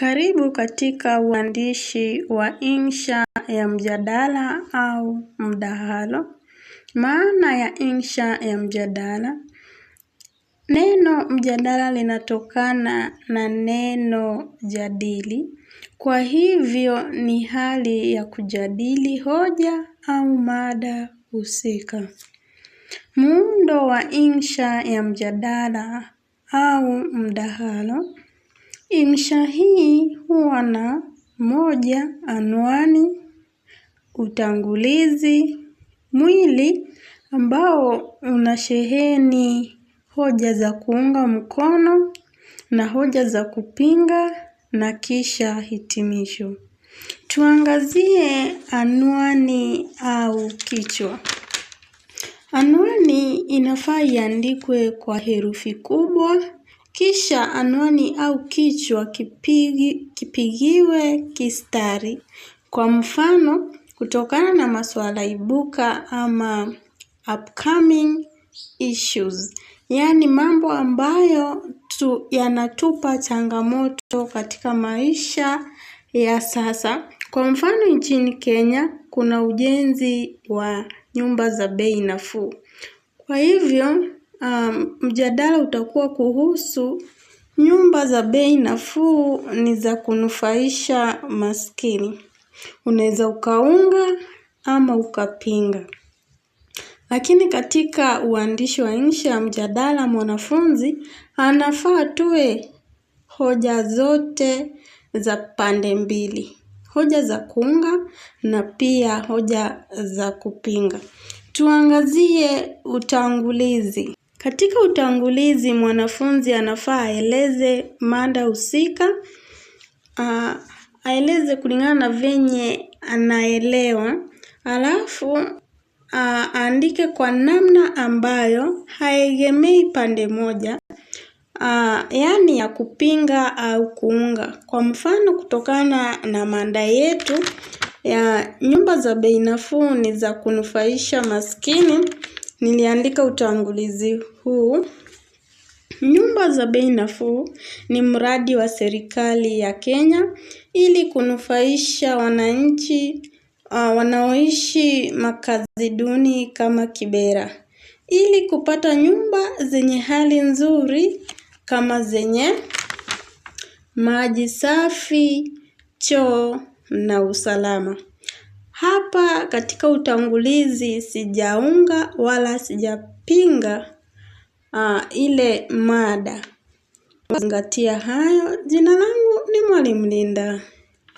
Karibu katika uandishi wa insha ya mjadala au mdahalo. Maana ya insha ya mjadala. Neno mjadala linatokana na neno jadili. Kwa hivyo ni hali ya kujadili hoja au mada husika. Muundo wa insha ya mjadala au mdahalo Insha hii huwa na moja, anwani, utangulizi, mwili ambao unasheheni hoja za kuunga mkono na hoja za kupinga na kisha hitimisho. Tuangazie anwani au kichwa. Anwani inafaa iandikwe kwa herufi kubwa kisha anwani au kichwa kipigiwe kistari. Kwa mfano, kutokana na masuala ibuka ama upcoming issues, yaani mambo ambayo tu, yanatupa changamoto katika maisha ya sasa. Kwa mfano nchini Kenya, kuna ujenzi wa nyumba za bei nafuu. Kwa hivyo, um, mjadala utakuwa kuhusu nyumba za bei nafuu ni za kunufaisha maskini. Unaweza ukaunga ama ukapinga. Lakini katika uandishi wa insha mjadala, mwanafunzi anafaa tue hoja zote za pande mbili, hoja za kuunga na pia hoja za kupinga. Tuangazie utangulizi. Katika utangulizi mwanafunzi anafaa aeleze mada husika, aeleze kulingana na venye anaelewa, alafu aandike kwa namna ambayo haegemei pande moja, yaani ya kupinga au kuunga. Kwa mfano kutokana na mada yetu ya nyumba za bei nafuu ni za kunufaisha maskini. Niliandika utangulizi huu. Nyumba za bei nafuu ni mradi wa serikali ya Kenya ili kunufaisha wananchi uh, wanaoishi makazi duni kama Kibera ili kupata nyumba zenye hali nzuri kama zenye maji safi, choo na usalama. Hapa katika utangulizi sijaunga wala sijapinga uh, ile mada. Zingatia hayo. Jina langu ni Mwalimu Linda.